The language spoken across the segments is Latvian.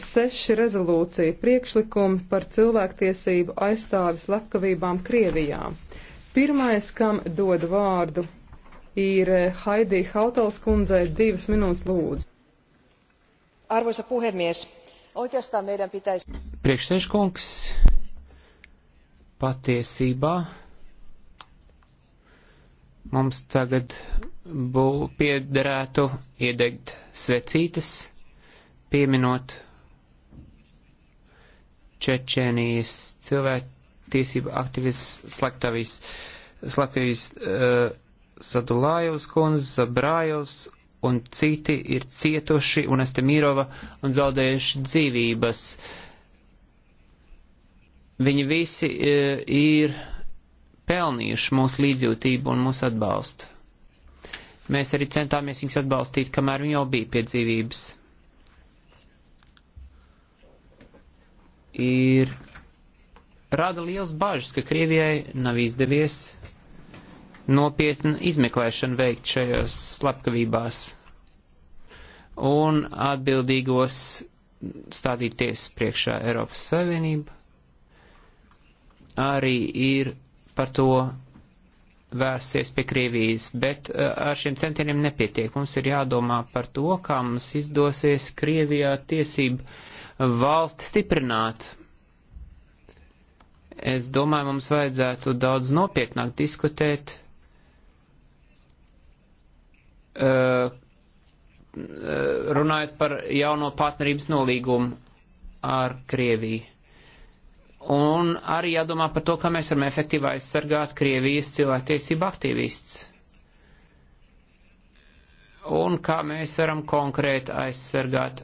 seši rezolūcija priekšlikumi par cilvēktiesību aizstāvis lepkavībām Krievijā. Pirmais, kam dod vārdu, ir eh, Haidī Hautals kundzei divas minūtes lūdzu. Arvoisa puhemies, oikeastaan meidän pitäisi... Priekšsēžkungs, patiesībā mums tagad bū, piederētu iedegt svecītes, pieminot Čečēnijas cilvēktiesība aktivists Slaktavijas, Slaktavijas uh, eh, Sadulājovs kundze, Brājovs un citi ir cietuši un Estemirova un zaudējuši dzīvības. Viņi visi uh, ir pelnījuši mūsu līdzjūtību un mūsu atbalstu. Mēs arī centāmies viņus atbalstīt, kamēr viņi jau bija pie dzīvības. ir rada liels bažas, ka Krievijai nav izdevies nopietnu izmeklēšanu veikt šajos slepkavībās un atbildīgos stādīties priekšā Eiropas Savienība. Arī ir par to vērsties pie Krievijas, bet eh, ar šiem centieniem nepietiek. Mums ir jādomā par to, kā mums izdosies Krievijā tiesību valsti stiprināt. Es domāju, mums vajadzētu daudz nopietnāk diskutēt, eh, runājot par jauno partnerības nolīgumu ar Krieviju. Un arī jādomā par to, kā mēs varam efektīvi aizsargāt Krievijas cilvēktiesību aktīvists. Un kā mēs varam konkrēti aizsargāt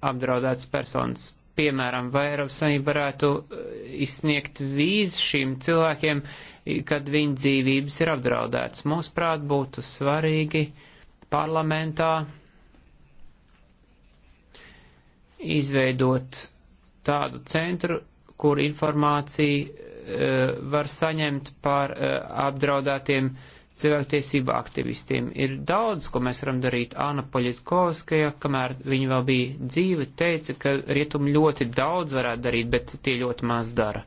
apdraudētas personas. Piemēram, vai Eiropas Savienība varētu eh, izsniegt vīzu šīm cilvēkiem, kad viņu dzīvības ir apdraudētas. Mūsuprāt, būtu svarīgi parlamentā izveidot tādu centru, kur informāciju uh, var saņemt par uh, apdraudētiem uh, cilvēktiesība aktivistiem. Ir daudz, ko mēs varam darīt. Āna Poļitkovskaja, kamēr viņa vēl bija dzīve, teica, ka rietumi ļoti daudz varētu darīt, bet tie ļoti maz dara.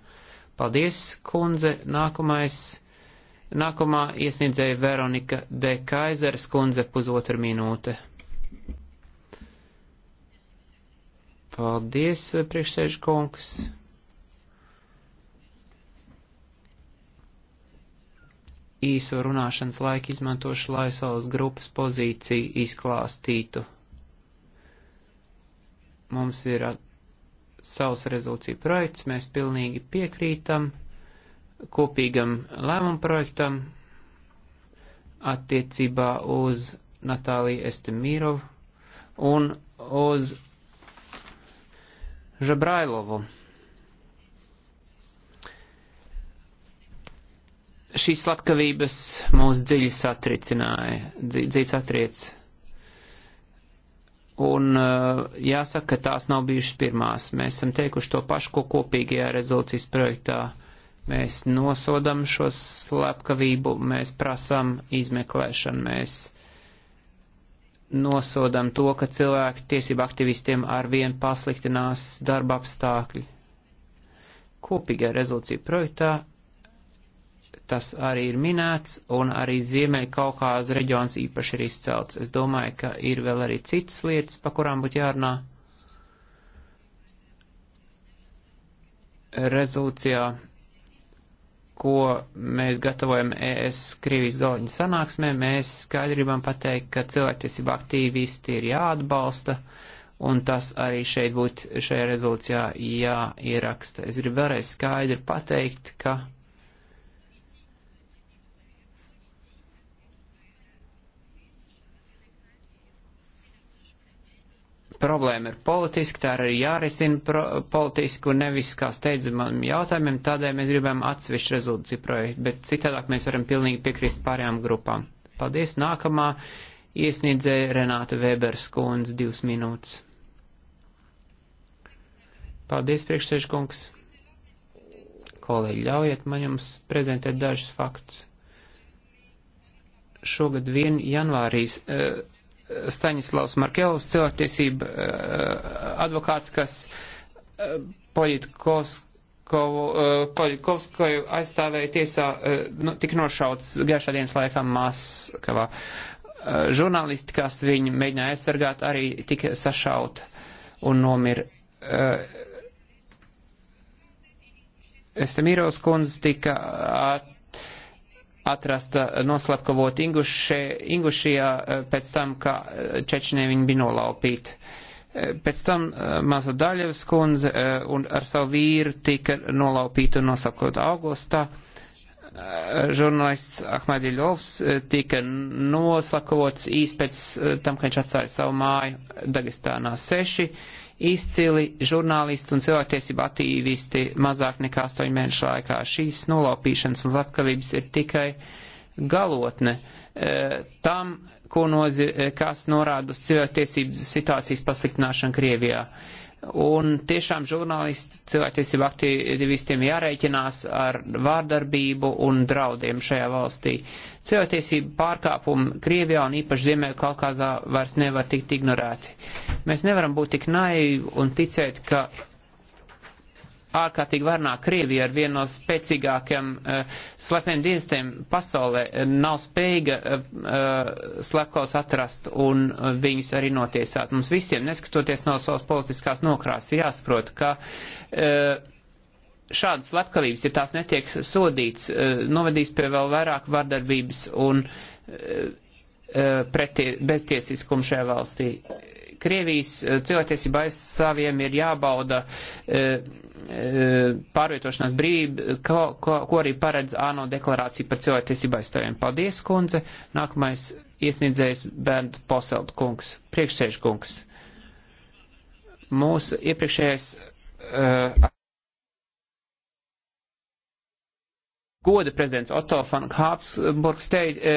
Paldies, kundze. Nākamais, nākamā iesniedzēja Veronika D. Kaizeres kundze pusotra minūte. Paldies, priekšsēžu kungs. īso runāšanas laiku izmantošu, lai savas grupas pozīciju izklāstītu. Mums ir uh, savs rezolūcija projekts, mēs pilnīgi piekrītam kopīgam lēmumu projektam attiecībā uz Natāliju Estemīrovu un uz Žabrailovu. Šīs slepkavības mūs dziļi satricināja, dziļi satriec. Un eh, jāsaka, ka tās nav bijušas pirmās. Mēs esam teikuši to pašu, ko kopīgajā rezolūcijas projektā. Mēs nosodam šo slepkavību, mēs prasam izmeklēšanu, mēs nosodam to, ka cilvēku tiesību aktivistiem arvien pasliktinās darba apstākļi. Kopīgajā rezolūcija projektā tas arī ir minēts, un arī Ziemeļa Kaukāza reģions īpaši ir izcelts. Es domāju, ka ir vēl arī citas lietas, pa kurām būtu jārunā. Rezolūcijā, ko mēs gatavojam ES Krievijas galviņa sanāksmē, mēs skaidri gribam pateikt, ka cilvēktiesība aktīvisti ir jāatbalsta, un tas arī šeit būtu šajā rezolūcijā jāieraksta. Es gribu vēlreiz skaidri pateikt, ka problēma ir politiska, tā arī jārisina pro, politiski un nevis kā steidzamam jautājumiem, tādēļ mēs gribam atsevišķu rezolūciju projektu, bet citādāk mēs varam pilnīgi piekrist pārējām grupām. Paldies, nākamā iesniedzēja Renāta Vēbers kundz divas minūtes. Paldies, priekšsēžkungs. Kolēģi, ļaujiet man jums prezentēt dažus faktus. Šogad vien janvārīs. Uh, Staņislavs Markelovs, cilvēktiesība eh, advokāts, kas eh, Poļkovskoju eh, aizstāvēja tiesā, nu, tik nošauts gaišā dienas laikā Maskavā. Žurnālisti, kas viņu mēģināja aizsargāt, arī tika sašaut un nomira. Estemīros kundze tika at, atrasta eh, noslapkavot Ingušē, Ingušijā eh, pēc tam, kā eh, Čečinē viņi bija nolaupīti. Pēc tam maza Daļevs kundze un ar savu vīru tika nolaupīta un noslapkavot augustā. Žurnālists Ahmadiļovs tika noslapkavots īs pēc tam, ka viņš atstāja savu māju Dagestānā seši. Uh, izcili žurnālisti un cilvēktiesība attīvisti mazāk nekā 8 mēnešu laikā. Šīs nolaupīšanas un slepkavības ir tikai galotne e, tam, ko nozi, kas norāda uz cilvēktiesības situācijas pasliktināšanu Krievijā. Uh, Un tiešām žurnālisti, cilvēktiesību aktīvistiem jārēķinās ar vārdarbību un draudiem šajā valstī. Cilvēktiesību pārkāpumi Krievijā un īpaši Ziemeļu Kalkāzā vairs nevar tikt ignorēti. Mēs nevaram būt tik naivi un ticēt, ka ārkārtīgi varnā Krievija ar vienu no spēcīgākiem uh, eh, slepniem dienestiem pasaulē nav spējīga uh, slepkavas atrast un uh, viņus arī notiesāt. Mums visiem, neskatoties no savas politiskās nokrās, ir jāsaprot, ka uh, šādas slepkavības, ja tās netiek sodīts, uh, novedīs pie vēl vairāk vardarbības un uh, pretie, beztiesiskumu šajā valstī. Krievijas cilvēktiesība aizstāvjiem ir jābauda uh, pārvietošanās brīvība, ko, ko, ko arī paredz ANO deklarācija par cilvēktiesību aizstāvjiem. Paldies, kundze. Nākamais iesniedzējs Bernd Poselt kungs, priekšsēž kungs. Mūsu iepriekšējais. Uh, goda prezidents Otto von Habsburgs teic, e,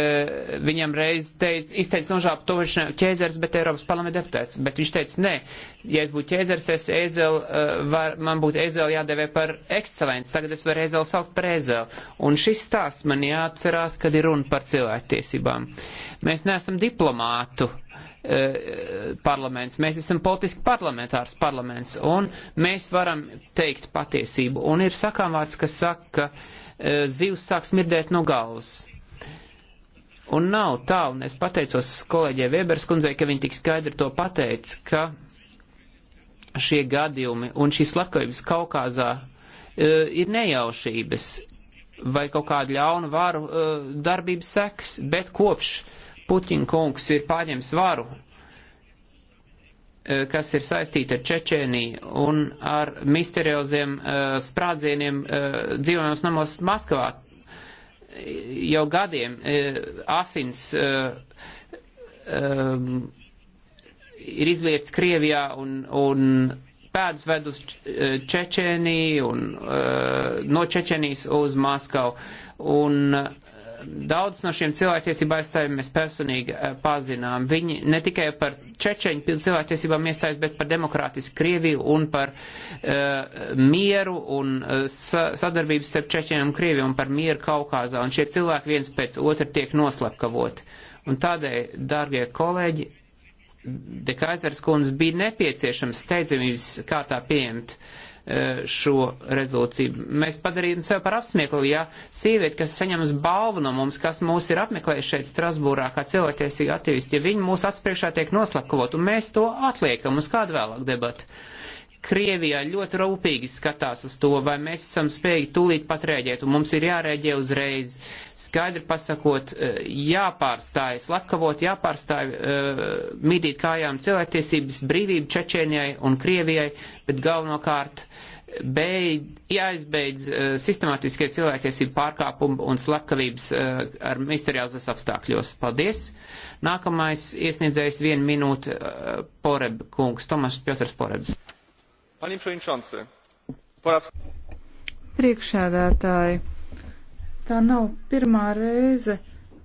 viņam reiz teica, izteica nožāpu to, viņš nav ķēzers, bet Eiropas parlamenta deputāts. Bet viņš teica, nē, ja es būtu ķēzers, es ēzeli, e, var, man būtu ēzeli jādevē par ekscelenci, tagad es varu ēzeli saukt par ēzeli. Un šis stāsts man jāatcerās, kad ir runa par cilvēktiesībām. Mēs neesam diplomātu e, parlaments, mēs esam politiski parlamentārs parlaments, un mēs varam teikt patiesību. Un ir sakām vārds, kas saka, ka Eh, zivs sāk smirdēt no galvas. Un nav tā, un es pateicos kolēģē Weberas kundzei, ka viņi tik skaidri to pateica, ka šie gadījumi un šīs slepkavības Kaukāzā uh, eh, ir nejaušības vai kaut kāda ļauna varu uh, eh, darbības seks, bet kopš Puķina kungs ir pārņēmis varu, Eh, kas ir saistīti ar Čečēniju un ar misterioziem uh, sprādzieniem uh, dzīvojamos namos Maskavā. Jau gadiem uh, asins uh, um, ir izlietas Krievijā un, un pēdas ved uz Čečēniju un uh, no Čečēnijas uz Maskavu. Un uh, daudz no šiem cilvēktiesību aizstāvjiem mēs personīgi eh, pazinām. Viņi ne tikai par čečeņu cilvēktiesībām iestājas, bet par demokrātisku Krieviju un par uh, mieru un uh, eh, sadarbību starp čečeņiem un Krieviju un par mieru Kaukāzā. Un šie cilvēki viens pēc otra tiek noslepkavoti. Un tādēļ, dārgie kolēģi, Dekaizers kundze bija nepieciešams steidzamības kārtā pieņemt uh, E, šo rezolūciju. Mēs padarījām sev par apsmieklu, ja sieviete, kas saņems balvu no mums, kas mūs ir apmeklējuši šeit Strasbūrā kā cilvēktiesīgi aktivisti, ja viņi mūs atspriekšā tiek noslakavot, un mēs to atliekam uz kādu vēlāku debatu. Krievijā ļoti rūpīgi skatās uz to, vai mēs esam spējīgi tūlīt pat rēģēt, un mums ir jārēģē uzreiz. Skaidri pasakot, jāpārstājas, e, lakavot, jāpārstāj e, mīdīt kājām cilvēktiesības brīvību Čečēnijai un Krievijai, bet galvenokārt beid, jāizbeidz uh, eh, sistemātiskie cilvēktiesību pārkāpumi un slepkavības uh, ar misteriāzes apstākļos. Paldies! Nākamais iesniedzējs vienu minūtu uh, eh, Poreb kungs, Tomas Piotrs Porebs. Priekšēdētāji, tā nav pirmā reize,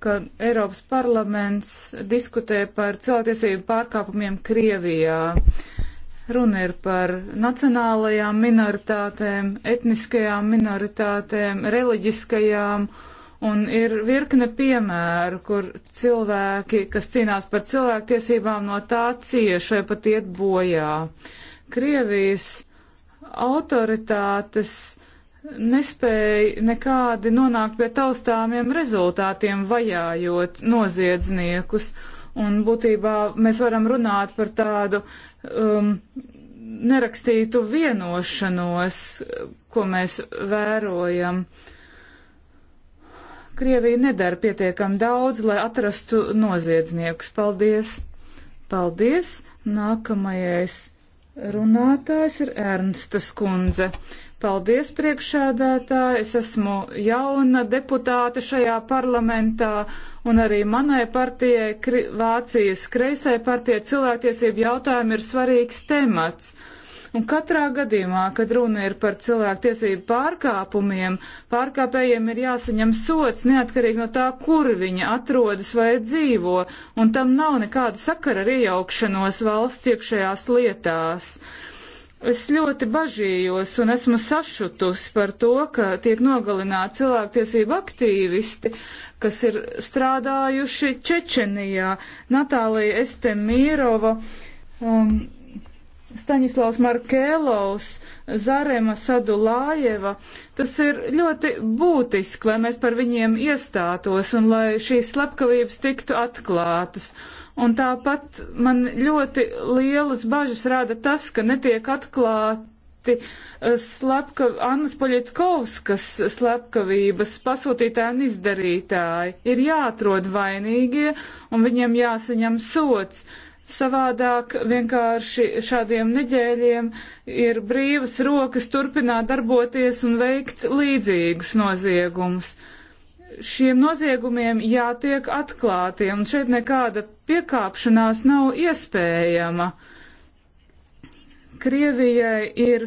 kad Eiropas parlaments diskutē par cilvēktiesību pārkāpumiem Krievijā. Uh, Runa ir par nacionālajām minoritātēm, etniskajām minoritātēm, reliģiskajām, un ir virkne piemēru, kur cilvēki, kas cīnās par cilvēktiesībām, no tā cieši vai pat iet bojā. Krievijas autoritātes nespēja nekādi nonākt pie taustāmiem rezultātiem, vajājot noziedzniekus un būtībā mēs varam runāt par tādu um, nerakstītu vienošanos, ko mēs vērojam. Krievija nedara pietiekam daudz, lai atrastu noziedzniekus. Paldies! Paldies! Nākamais runātājs ir Ernsta Skundze. Paldies, priekšādātāji. Es esmu jauna deputāte šajā parlamentā, un arī manai partijai, kri, Vācijas kreisai partijai, cilvēktiesību jautājumi ir svarīgs temats. Un katrā gadījumā, kad runa ir par cilvēktiesību pārkāpumiem, pārkāpējiem ir jāsaņem sots neatkarīgi no tā, kur viņi atrodas vai dzīvo, un tam nav nekāda sakara ar iejaukšanos valsts iekšējās lietās. Uh, Es ļoti bažījos un esmu sašutusi par to, ka tiek nogalināti cilvēktiesību aktīvisti, kas ir strādājuši Čečenijā. Natālija Estemīrova, um, Staņislavs Markēlovs, Zarema Sadulājeva. Tas ir ļoti būtiski, lai mēs par viņiem iestātos un lai šīs slepkavības tiktu atklātas. Uh, Un tāpat man ļoti lielas bažas rada tas, ka netiek atklāti eh, slepka, Annas Poļitkovskas slepkavības pasūtītāji un izdarītāji. Ir jāatrod vainīgie un viņiem jāsaņem sots. Savādāk vienkārši šādiem neģēļiem ir brīvas rokas turpināt darboties un veikt līdzīgus noziegumus šiem noziegumiem jātiek atklātiem, un šeit nekāda piekāpšanās nav iespējama. Krievijai ir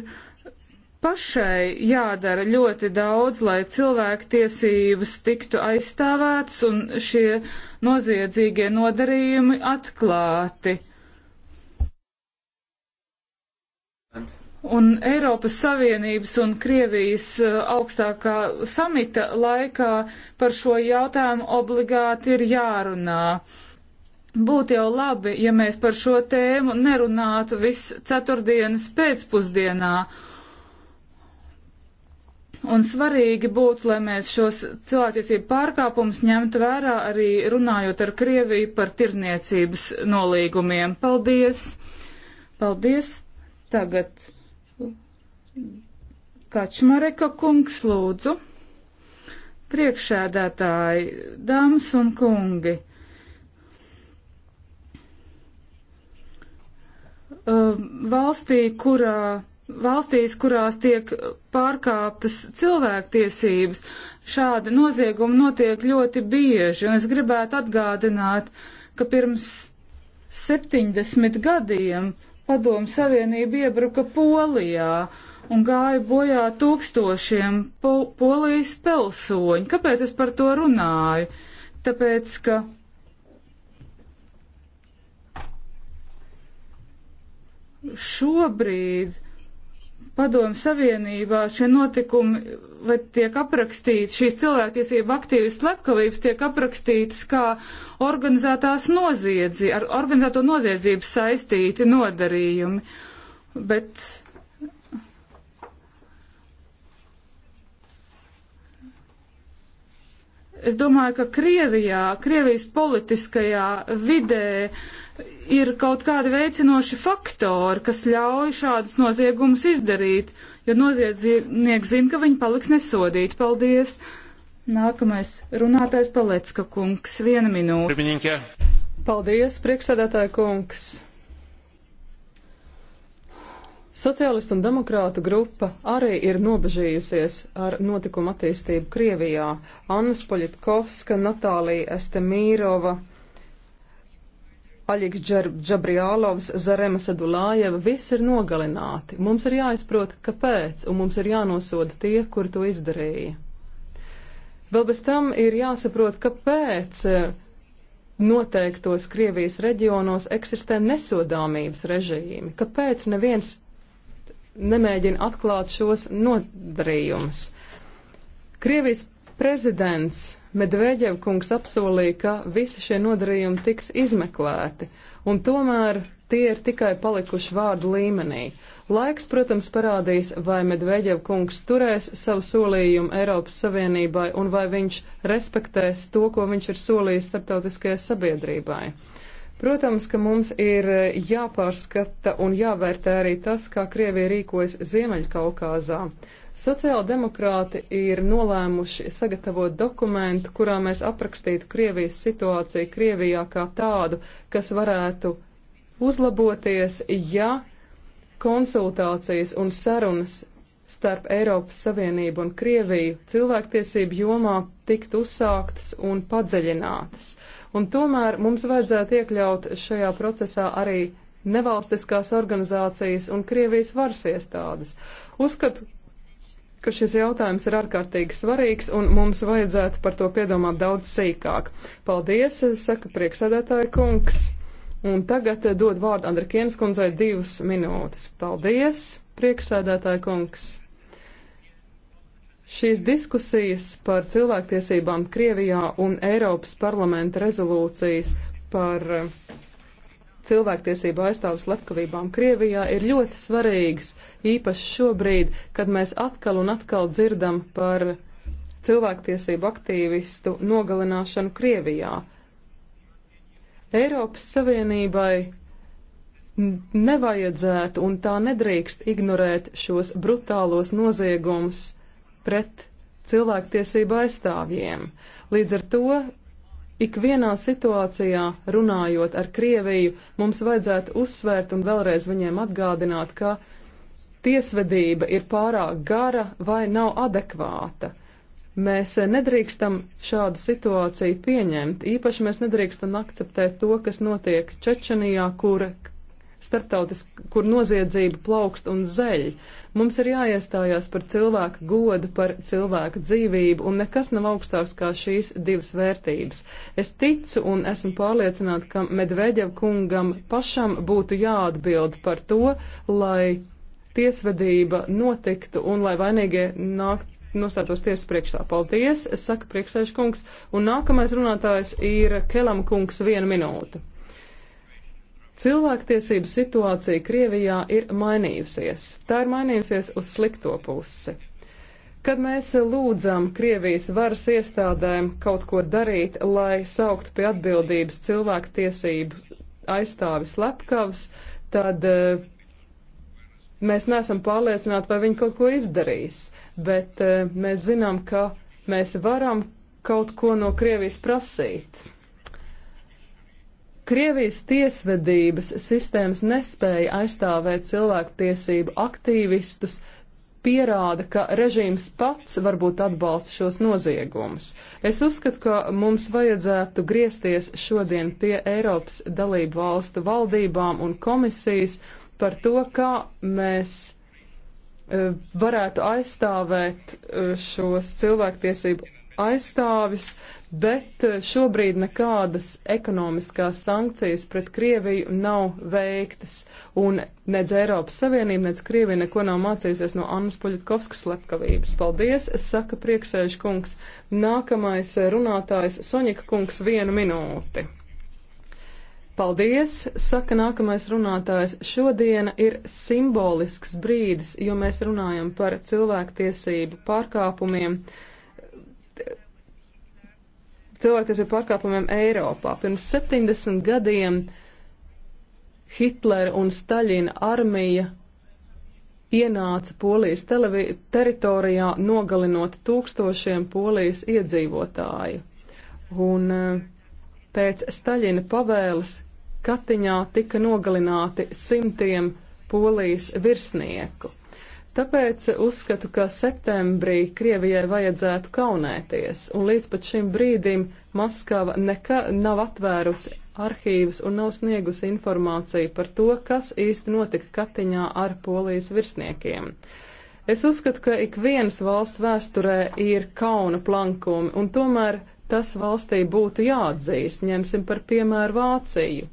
pašai jādara ļoti daudz, lai cilvēktiesības tiktu aizstāvētas un šie noziedzīgie nodarījumi atklāti. And. Un Eiropas Savienības un Krievijas eh, augstākā samita laikā par šo jautājumu obligāti ir jārunā. Būtu jau labi, ja mēs par šo tēmu nerunātu viss ceturtdienas pēcpusdienā. Un svarīgi būtu, lai mēs šos cilvēktiesību pārkāpumus ņemtu vērā arī runājot ar Krieviju par tirniecības nolīgumiem. Paldies! Paldies! Tagad Kačmareka kungs lūdzu. Priekšēdētāji, dāmas un kungi. Um, valstī, kurā valstīs, kurās tiek pārkāptas cilvēktiesības. Šādi noziegumi notiek ļoti bieži, un es gribētu atgādināt, ka pirms 70 gadiem Padomu Savienība iebruka Polijā, un gāja bojā tūkstošiem po polijas pilsoņu. Kāpēc es par to runāju? Tāpēc, ka. Šobrīd Padomu Savienībā šie notikumi, vai tiek aprakstīti, šīs cilvēktiesība aktīvas slepkavības tiek aprakstītas kā organizētās noziedzi, ar organizēto noziedzību saistīti nodarījumi. Bet Es domāju, ka Krievijā, Krievijas politiskajā vidē ir kaut kādi veicinoši faktori, kas ļauj šādus noziegumus izdarīt, jo noziedznieki zina, ka viņi paliks nesodīti. Paldies! Nākamais runātājs Palecka kungs, viena minūte. Paldies, priekšsēdētāja kungs! Sociālistu un demokrātu grupa arī ir nobežījusies ar notikumu attīstību Krievijā. Anna Spoļitkovska, Natālija Estemīrova, Aļiks Džabriālovs, Zarema Sadulājeva, visi ir nogalināti. Mums ir jāizprot, kāpēc, un mums ir jānosoda tie, kur to izdarīja. Vēl bez tam ir jāsaprot, kāpēc eh, noteiktos Krievijas reģionos eksistē nesodāmības režīmi, kāpēc neviens nemēģina atklāt šos nodarījumus. Krievijas prezidents Medveģevkungs apsolīja, ka visi šie nodarījumi tiks izmeklēti, un tomēr tie ir tikai palikuši vārdu līmenī. Laiks, protams, parādīs, vai Medveģevkungs turēs savu solījumu Eiropas Savienībai un vai viņš respektēs to, ko viņš ir solījis starptautiskajai sabiedrībai. Protams, ka mums ir eh, jāpārskata un jāvērtē arī tas, kā Krievija rīkojas Ziemeļkaukāzā. Sociāldemokrāti ir nolēmuši sagatavot dokumentu, kurā mēs aprakstītu Krievijas situāciju Krievijā kā tādu, kas varētu uzlaboties, ja konsultācijas un sarunas starp Eiropas Savienību un Krieviju cilvēktiesību jomā tikt uzsāktas un padziļinātas. Un tomēr mums vajadzētu iekļaut šajā procesā arī nevalstiskās organizācijas un Krievijas varas iestādes. Uzskatu, ka šis jautājums ir ārkārtīgi svarīgs un mums vajadzētu par to piedomāt daudz sīkāk. Paldies, saka prieksēdētāja kungs. Un tagad dod vārdu Andrikienas kundzei divas minūtes. Paldies! Priekšsēdētāja kungs, šīs diskusijas par cilvēktiesībām Krievijā un Eiropas parlamenta rezolūcijas par eh, cilvēktiesību aizstāvus slepkavībām Krievijā ir ļoti svarīgas, īpaši šobrīd, kad mēs atkal un atkal dzirdam par cilvēktiesību aktīvistu nogalināšanu Krievijā. Eiropas Savienībai nevajadzētu un tā nedrīkst ignorēt šos brutālos noziegumus pret cilvēktiesību aizstāvjiem. Līdz ar to ikvienā situācijā, runājot ar Krieviju, mums vajadzētu uzsvērt un vēlreiz viņiem atgādināt, ka tiesvedība ir pārāk gara vai nav adekvāta. Mēs nedrīkstam šādu situāciju pieņemt, īpaši mēs nedrīkstam akceptēt to, kas notiek Čečenijā, kura starptautiski, kur noziedzība plaukst un zeļ. Mums ir jāiestājās par cilvēku godu, par cilvēku dzīvību, un nekas nav augstāks kā šīs divas vērtības. Es ticu un esmu pārliecināta, ka Medveģev kungam pašam būtu jāatbild par to, lai tiesvedība notiktu un lai vainīgie nāktu nostātos tiesas priekšā. Paldies, saka priekšsēžkungs. Un nākamais runātājs ir Kelam kungs viena minūte. Cilvēktiesību situācija Krievijā ir mainījusies. Tā ir mainījusies uz slikto pusi. Kad mēs lūdzam Krievijas varas iestādēm kaut ko darīt, lai saukt pie atbildības cilvēktiesību aizstāvis Lepkavs, tad eh, mēs neesam pārliecināti, vai viņi kaut ko izdarīs. Bet eh, mēs zinām, ka mēs varam kaut ko no Krievijas prasīt. Krievijas tiesvedības sistēmas nespēja aizstāvēt cilvēktiesību aktīvistus, pierāda, ka režīms pats varbūt atbalsta šos noziegumus. Es uzskatu, ka mums vajadzētu griezties šodien pie Eiropas dalību valstu valdībām un komisijas par to, kā mēs e, varētu aizstāvēt e, šos cilvēktiesību aizstāvis, bet eh, šobrīd nekādas ekonomiskās sankcijas pret Krieviju nav veiktas, un nedz Eiropas Savienība, nedz Krievija neko nav mācījusies no Annas Poļitkovskas slepkavības. Paldies, saka prieksēžu kungs. Nākamais eh, runātājs Soņika kungs vienu minūti. Paldies, saka nākamais runātājs. Šodiena ir simbolisks brīdis, jo mēs runājam par cilvēktiesību pārkāpumiem. Uh, cilvēktiesību pārkāpumiem Eiropā. Pirms 70 gadiem Hitlera un Staļina armija ienāca Polijas teritorijā, nogalinot tūkstošiem Polijas iedzīvotāju. Un eh, pēc Staļina pavēles Katiņā tika nogalināti simtiem Polijas virsnieku. Tāpēc uzskatu, ka septembrī Krievijai vajadzētu kaunēties, un līdz pat šim brīdim Maskava nekā nav atvērusi arhīvus un nav sniegusi informāciju par to, kas īsti notika Katiņā ar polijas virsniekiem. Es uzskatu, ka ik vienas valsts vēsturē ir kauna plankumi, un tomēr tas valstī būtu jāatzīst, ņemsim par piemēru Vāciju.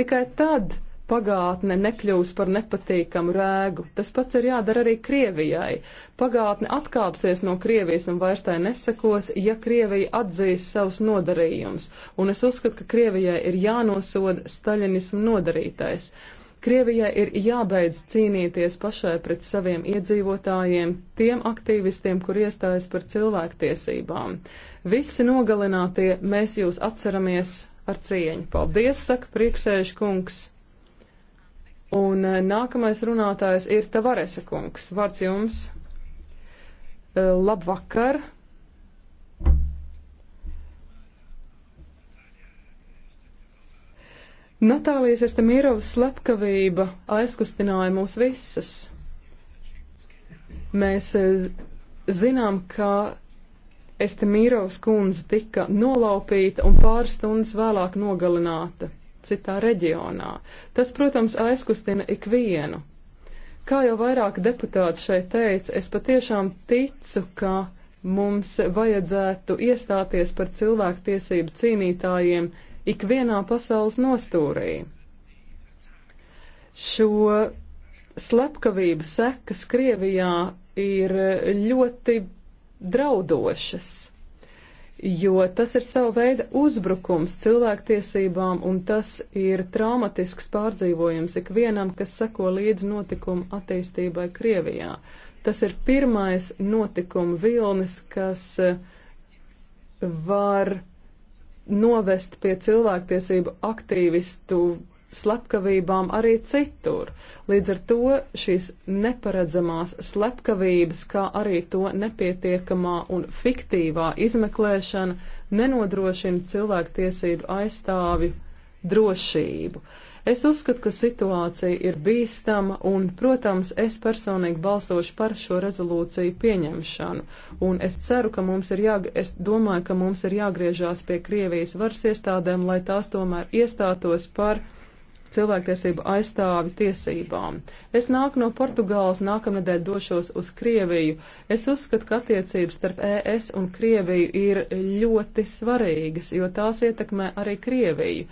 Tikai tad pagātne nekļūs par nepatīkamu rēgu. Tas pats ir jādara arī Krievijai. Pagātne atkāpsies no Krievijas un vairs tai nesekos, ja Krievija atzīs savus nodarījumus. Un es uzskatu, ka Krievijai ir jānosoda staļinismu nodarītais. Krievijai ir jābeidz cīnīties pašai pret saviem iedzīvotājiem, tiem aktīvistiem, kur iestājas par cilvēktiesībām. Visi nogalinātie mēs jūs atceramies ar cieņu. Paldies, saka priekšsēžkungs. Un eh, nākamais runātājs ir Tavarese kungs. Vārds jums. Eh, labvakar. Natālijas Estamīrovas slepkavība aizkustināja mūs visas. Mēs eh, zinām, ka Estamīrovas kundze tika nolaupīta un pāris stundas vēlāk nogalināta citā reģionā. Tas, protams, aizkustina ikvienu. Kā jau vairāk deputāts šeit teica, es patiešām ticu, ka mums vajadzētu iestāties par cilvēktiesību cīnītājiem ikvienā pasaules nostūrī. Šo slepkavību sekas Krievijā ir ļoti draudošas jo tas ir sava veida uzbrukums cilvēktiesībām, un tas ir traumatisks pārdzīvojums ikvienam, kas seko līdz notikumu attīstībai Krievijā. Tas ir pirmais notikuma vilnis, kas eh, var novest pie cilvēktiesību aktīvistu slepkavībām arī citur. Līdz ar to šīs neparedzamās slepkavības, kā arī to nepietiekamā un fiktīvā izmeklēšana nenodrošina cilvēktiesību aizstāvju drošību. Es uzskatu, ka situācija ir bīstama un, protams, es personīgi balsošu par šo rezolūciju pieņemšanu. Un es ceru, ka mums ir jā, es domāju, ka mums ir jāgriežās pie Krievijas varas iestādēm, lai tās tomēr iestātos par cilvēktiesību aizstāvi tiesībām. Es nāku no Portugāles, nākamnedēļ došos uz Krieviju. Es uzskatu, ka attiecības starp ES un Krieviju ir ļoti svarīgas, jo tās ietekmē arī Krieviju.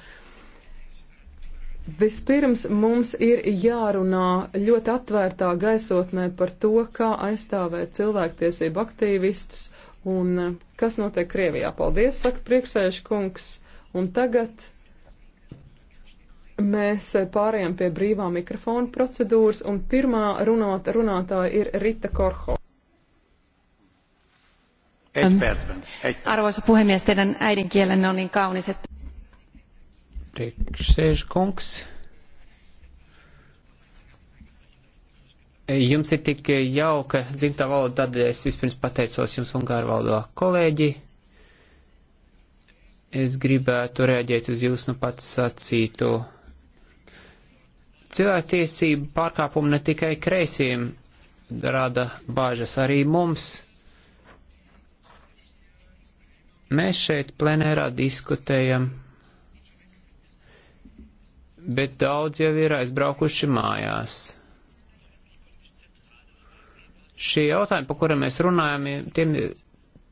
Vispirms mums ir jārunā ļoti atvērtā gaisotnē par to, kā aizstāvēt cilvēktiesību aktīvistus un kas notiek Krievijā. Paldies, saka priekšsēžkungs, un tagad Mēs pārējām pie brīvā mikrofona procedūras, un pirmā runāt, runātāja ir Rita Korho. Um, arvoisa puhemies, teidän äidinkielenne on niin kaunis, että... Priekšsēžkungs. Jums ir tik jauka dzimtā valoda, tad es vispirms pateicos jums ungāru valodā kolēģi. Es gribētu reaģēt uz jūs nu pats sacīto. Cilvēktiesība pārkāpumi ne tikai kreisiem rada bāžas, arī mums. Mēs šeit plenērā diskutējam, bet daudz jau ir aizbraukuši mājās šie jautājumi, par kuriem mēs runājam, tiem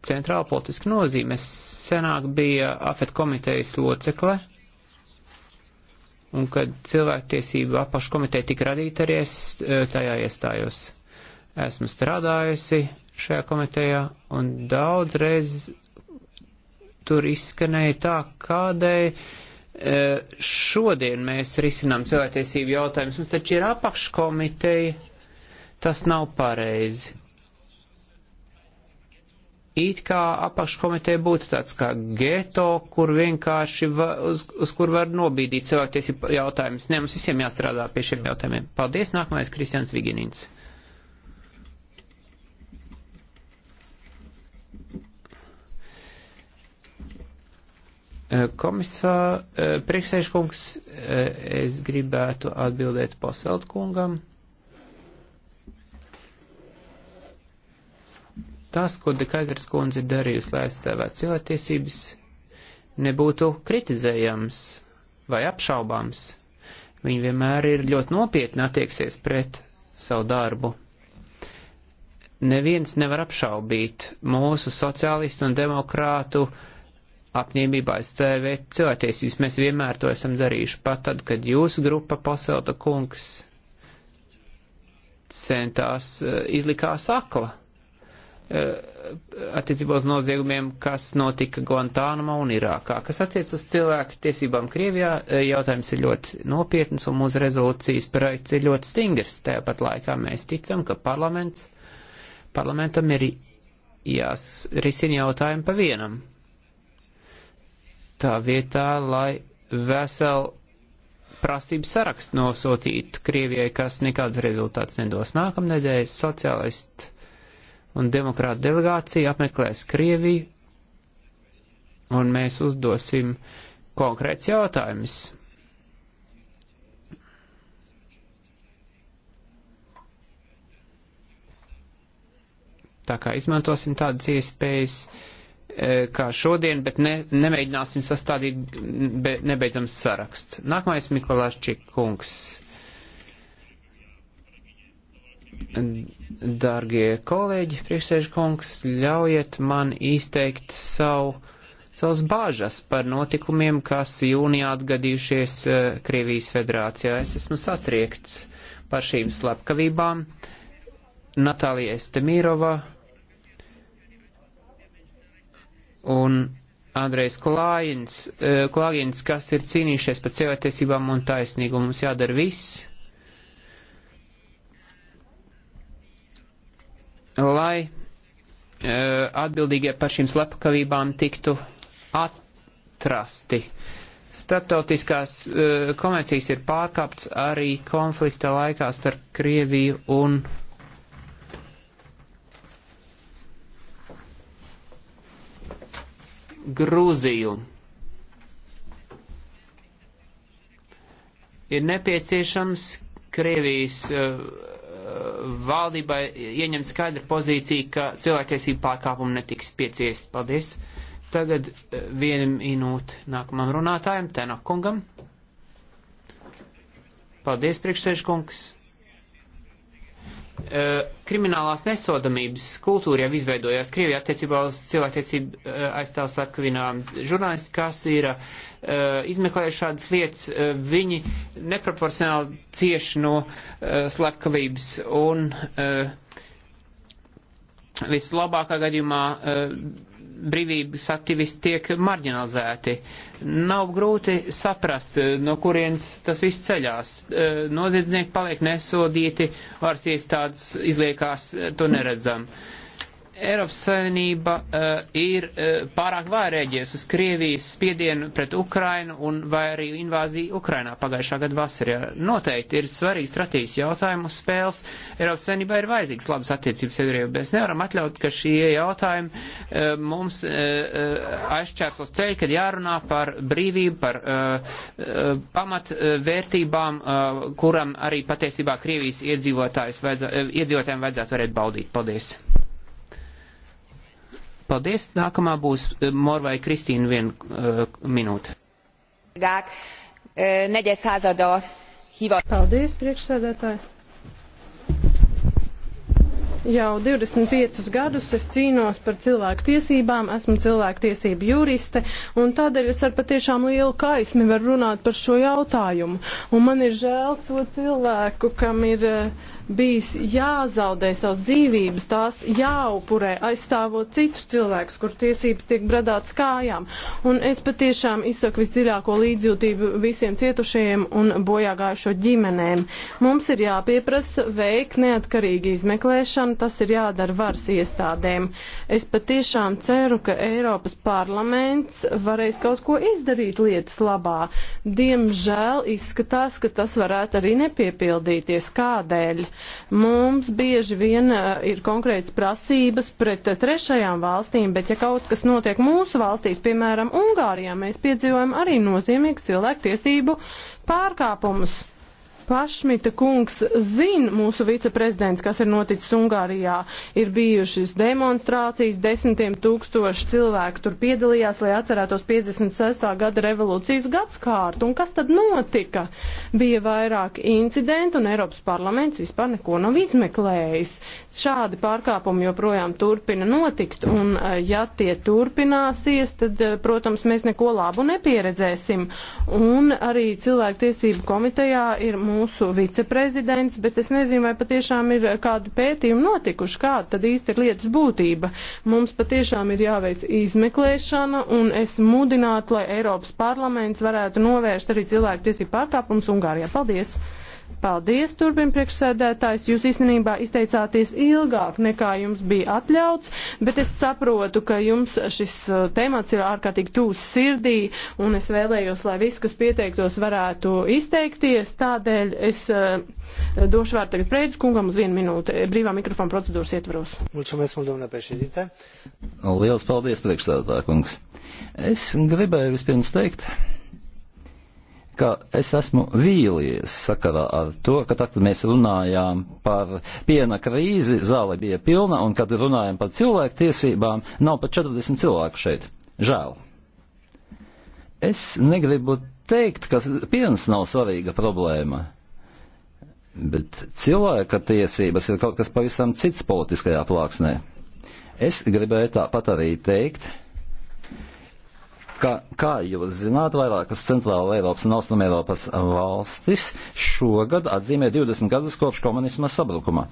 centrāla politiska nozīme. Es senāk bija AFET komitejas locekle, un kad cilvēktiesība apaškomiteja tika radīta arī es e, tajā iestājos. Esmu strādājusi šajā komitejā un daudzreiz tur izskanēja tā, kādēļ e, šodien mēs risinām cilvēktiesību jautājumus. Mums taču ir apakškomiteja, tas nav pareizi. It kā apakškomiteja būtu tāds kā geto, kur vienkārši, va, uz, uz kur var nobīdīt cilvēktiesību jautājumus. Nē, mums visiem jāstrādā pie šiem jautājumiem. Paldies, nākamais Kristians Viginins. Komisā, eh, priekšsēžkungs, eh, es gribētu atbildēt Paselt kungam. tas, ko Dekazers kundze ir darījusi, lai aizstāvētu cilvēktiesības, nebūtu kritizējams vai apšaubāms. Viņi vienmēr ir ļoti nopietni attieksies pret savu darbu. Neviens nevar apšaubīt mūsu sociālistu un demokrātu apņēmību aizstāvēt cilvēktiesības. Mēs vienmēr to esam darījuši, pat tad, kad jūsu grupa paselta kungs centās eh, izlikās akla Eh, attiecībā uz noziegumiem, kas notika Guantānamo un Irākā. Kas attiec uz cilvēku tiesībām Krievijā, eh, jautājums ir ļoti nopietns un mūsu rezolūcijas projekts ir ļoti stingrs. Tāpat laikā mēs ticam, ka parlaments, parlamentam ir jāsrisina jautājumi pa vienam. Tā vietā, lai veselu prasību sarakstu nosūtītu Krievijai, kas nekāds rezultāts nedos. Nākamnedēļ sociālisti un demokrāta delegācija apmeklēs Krieviju, un mēs uzdosim konkrēts jautājums. Tā kā izmantosim tādas iespējas e, kā šodien, bet ne, nemēģināsim sastādīt be, nebeidzams saraksts. Nākamais Mikolāšķik kungs. Dargie kolēģi, priekšsēžkungs, ļaujiet man izteikt savu, savas bāžas par notikumiem, kas jūnijā atgadījušies eh, Krievijas federācijā. Es esmu satriekts par šīm slepkavībām. Natālija Estemīrova un Andrejs Klājins, eh, Klājins, kas ir cīnījušies par cilvēktiesībām un taisnīgumu, mums jādara viss, lai e, atbildīgie par šīm slepkavībām tiktu atrasti. Starptautiskās e, konvencijas ir pārkāpts arī konflikta laikā starp Krieviju un Grūziju. Ir nepieciešams Krievijas uh, valdībai ieņem skaidru pozīciju, ka cilvēktiesību pārkāpumu netiks pieciest. Paldies! Tagad eh, viena minūte nākamam runātājam, Tenokungam. Paldies, priekšsēžkungs! Eh, kriminālās nesodamības kultūra jau izveidojās Krievijā attiecībā uz cilvēktiesību eh, aizstāvs Latkavinā. Žurnālisti, kas ir eh, izmeklējuši šādas lietas, viņi neproporcionāli cieši no slepkavības un vislabākā gadījumā brīvības aktivisti tiek marginalizēti. Nav grūti saprast, no kurienes tas viss ceļās. E, noziedznieki paliek nesodīti, varas iestādes izliekās to neredzam. Mm Eiropas Savienība uh, ir uh, pārāk vāja rēģējusi uz Krievijas spiedienu pret Ukrainu un vai arī invāziju Ukrainā pagājušā gada vasarā. Noteikti ir svarīgi strateģisks jautājums uz spēles. Eiropas Savienībā ir vajadzīgs labas attiecības sabiedrība. Mēs nevaram atļaut, ka šie jautājumi uh, mums uh, uh, aizšķērsos ceļu, kad jārunā par brīvību, par uh, uh, pamatvērtībām, uh, kuram arī patiesībā Krievijas iedzīvotājiem vajadzētu, uh, vajadzētu varēt baudīt. Paldies! Paldies. Nākamā būs eh, Morvai Kristīna vienu uh, eh, minūte. Eh, Paldies, priekšsēdētāji. Jau 25 gadus es cīnos par cilvēku tiesībām, esmu cilvēku tiesību juriste, un tādēļ es ar patiešām lielu kaismi varu runāt par šo jautājumu. Un man ir žēl to cilvēku, kam ir. Uh, bijis jāzaudē savas dzīvības, tās jāupurē, aizstāvot citus cilvēkus, kur tiesības tiek bradātas kājām. Un es patiešām izsaku visdziļāko līdzjūtību visiem cietušajiem un bojāgājušo ģimenēm. Mums ir jāpieprasa veikt neatkarīgi izmeklēšanu, tas ir jādara varas iestādēm. Es patiešām ceru, ka Eiropas parlaments varēs kaut ko izdarīt lietas labā. Diemžēl izskatās, ka tas varētu arī nepiepildīties. Kādēļ? Mums bieži vien uh, ir konkrētas prasības pret uh, trešajām valstīm, bet ja kaut kas notiek mūsu valstīs, piemēram, Ungārijā, mēs piedzīvojam arī nozīmīgas cilvēktiesību pārkāpumus. Pašmita kungs zina mūsu viceprezidents, kas ir noticis Ungārijā. Ir bijušas demonstrācijas, desmitiem tūkstoši cilvēku tur piedalījās, lai atcerētos 56. gada revolūcijas gadskārtu. Un kas tad notika? Bija vairāk incidentu un Eiropas parlaments vispār neko nav izmeklējis. Šādi pārkāpumi joprojām turpina notikt, un eh, ja tie turpināsies, tad, eh, protams, mēs neko labu nepieredzēsim. Un arī cilvēktiesību komitejā ir mūsu mūsu viceprezidents, bet es nezinu, vai patiešām ir kādu pētījumu notikuši, kāda tad īsti ir lietas būtība. Mums patiešām ir jāveic izmeklēšana, un es mudinātu, lai Eiropas parlaments varētu novērst arī cilvēku tiesību pārkāpumus Ungārijā. Paldies! Paldies, turpina priekšsēdētājs. Jūs īstenībā izteicāties ilgāk nekā jums bija atļauts, bet es saprotu, ka jums šis uh, temats ir ārkārtīgi tūs sirdī, un es vēlējos, lai viss, kas pieteiktos, varētu izteikties. Tādēļ es uh, došu vārdu tagad Preidis kungam uz vienu minūti brīvā mikrofona procedūras ietvaros. Mulțumesc, domnule președinte. Liels paldies, priekšsēdētāj kungs. Es gribēju vispirms teikt, ka es esmu vīlies sakarā ar to, ka tad, kad mēs runājām par piena krīzi, zāle bija pilna, un kad runājām par cilvēku tiesībām, nav pat 40 cilvēku šeit. Žēl. Es negribu teikt, ka piens nav svarīga problēma. Bet cilvēka tiesības ir kaut kas pavisam cits politiskajā plāksnē. Es gribēju tāpat arī teikt, ka, kā jūs zināt, vairākas centrāla Eiropas un Austrum Eiropas valstis šogad atzīmē 20 gadus kopš komunisma sabrukuma.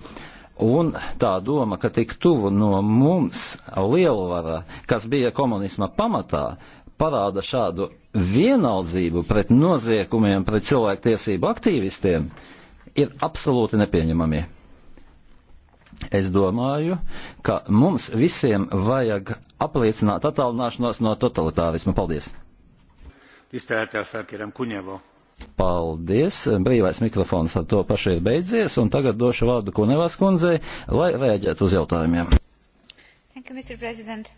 Un tā doma, ka tik tuvu no mums lielvara, kas bija komunisma pamatā, parāda šādu vienaldzību pret noziegumiem, pret cilvēktiesību aktīvistiem, ir absolūti nepieņemami. Es domāju, ka mums visiem vajag apliecināt attālināšanos no totalitārisma. Paldies! Tisztelettel felkérem Kunyevo. Paldies! Brīvais mikrofons ar to pašu ir beidzies, un tagad došu vārdu Kunevas kundzei, lai rēģētu uz jautājumiem. Thank you, Mr. President.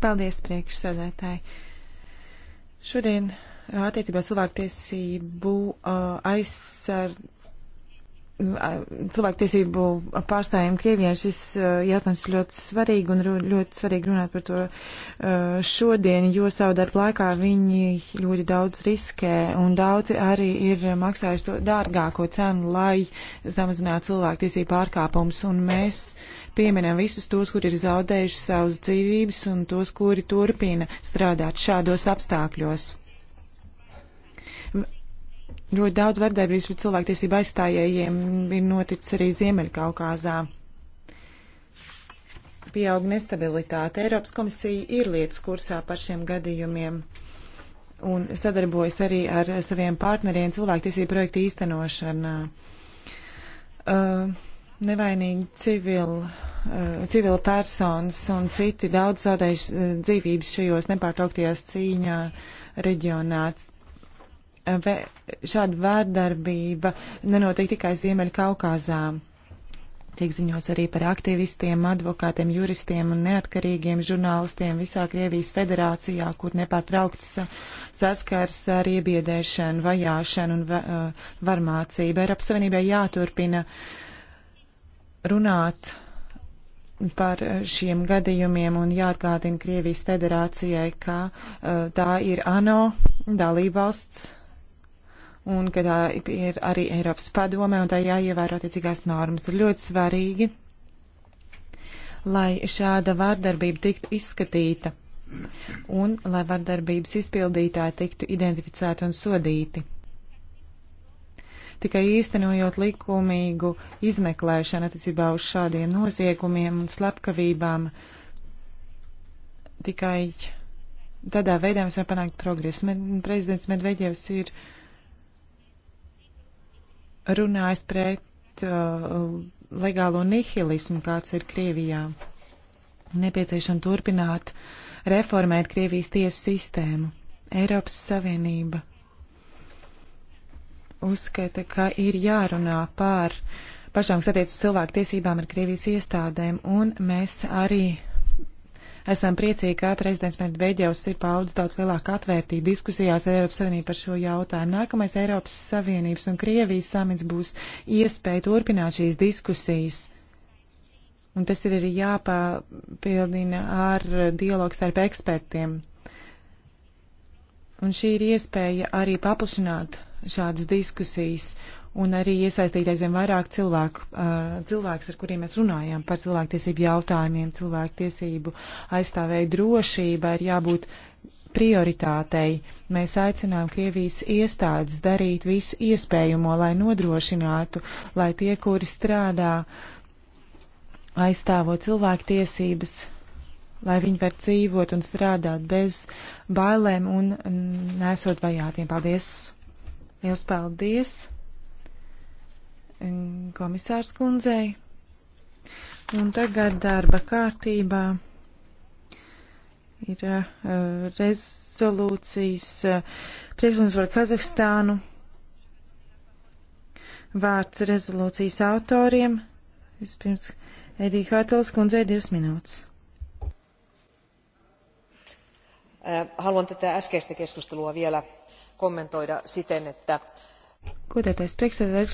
Paldies, priekšsēdētāji. Šodien attiecībā cilvēktiesību aizsardzību cilvēktiesību pārstājiem Krievijā šis jautājums ir ļoti svarīgi un ļoti svarīgi runāt par to šodien, jo savu darbu laikā viņi ļoti daudz riskē un daudzi arī ir maksājuši to dārgāko cenu, lai samazinātu cilvēktiesību pārkāpumus. Un mēs pieminam visus tos, kuri ir zaudējuši savas dzīvības un tos, kuri turpina strādāt šādos apstākļos Ļoti daudz vardarbības pret cilvēktiesību aizstājējiem ir noticis arī Ziemeļkaukāzā. Pieaug nestabilitāte. Eiropas komisija ir lietas kursā par šiem gadījumiem un sadarbojas arī ar saviem partneriem cilvēktiesību projektu īstenošanā. Uh, nevainīgi civili, uh, civila personas un citi daudz zaudējuši uh, dzīvības šajos nepārtrauktajās cīņā reģionāts šāda vērdarbība nenotiek tikai Ziemeļkaukāzā. Tiek ziņots arī par aktivistiem, advokātiem, juristiem un neatkarīgiem žurnālistiem visā Krievijas federācijā, kur nepārtraukts saskars ar iebiedēšanu, vajāšanu un va uh, varmācību. Eiropas Savienībai jāturpina runāt par šiem gadījumiem un jāatgādina Krievijas federācijai, ka uh, tā ir ANO dalībvalsts un ka tā ir arī Eiropas padome un tā jāievēro attiecīgās normas. Ir ļoti svarīgi, lai šāda vārdarbība tiktu izskatīta un lai vardarbības izpildītāji tiktu identificēti un sodīti. Tikai īstenojot likumīgu izmeklēšanu attiecībā uz šādiem noziegumiem un slepkavībām, tikai tādā veidā mēs varam panākt progresu. Med prezidents Medveģevs ir uh, runājis pret uh, legālo nihilismu, kāds ir Krievijā. Nepieciešam turpināt reformēt Krievijas tiesu sistēmu. Eiropas Savienība uzskata, ka ir jārunā par pašām, kas attiec uz cilvēku tiesībām ar Krievijas iestādēm, un mēs arī Esam priecīgi, ka prezidents Medvedevs ir paudz daudz lielāku atvērtību diskusijās ar Eiropas Savienību par šo jautājumu. Nākamais Eiropas Savienības un Krievijas samits būs iespēja turpināt šīs diskusijas. Un tas ir arī jāpapildina ar dialogu starp ekspertiem. Un šī ir iespēja arī paplašināt šādas diskusijas un arī iesaistīt aizvien vairāk cilvēku, uh, cilvēks, ar kuriem mēs runājam par cilvēktiesību jautājumiem, cilvēktiesību aizstāvēju drošība ir jābūt prioritātei. Mēs aicinām Krievijas iestādes darīt visu iespējamo, lai nodrošinātu, lai tie, kuri strādā aizstāvot cilvēktiesības, lai viņi var dzīvot un strādāt bez bailēm un nesot vajātiem. Paldies! Liels paldies! komisārs kundzei. Un tagad darba kārtībā ir uh, rezolūcijas uh, priekšlikums par Kazahstānu. Vārds rezolūcijas autoriem. Vispirms Edija Hātels kundzei divas minūtes. Haluan tätä äskeistä keskustelua vielä kommentoida siten, että... Kuitenkin priekšsēdētājs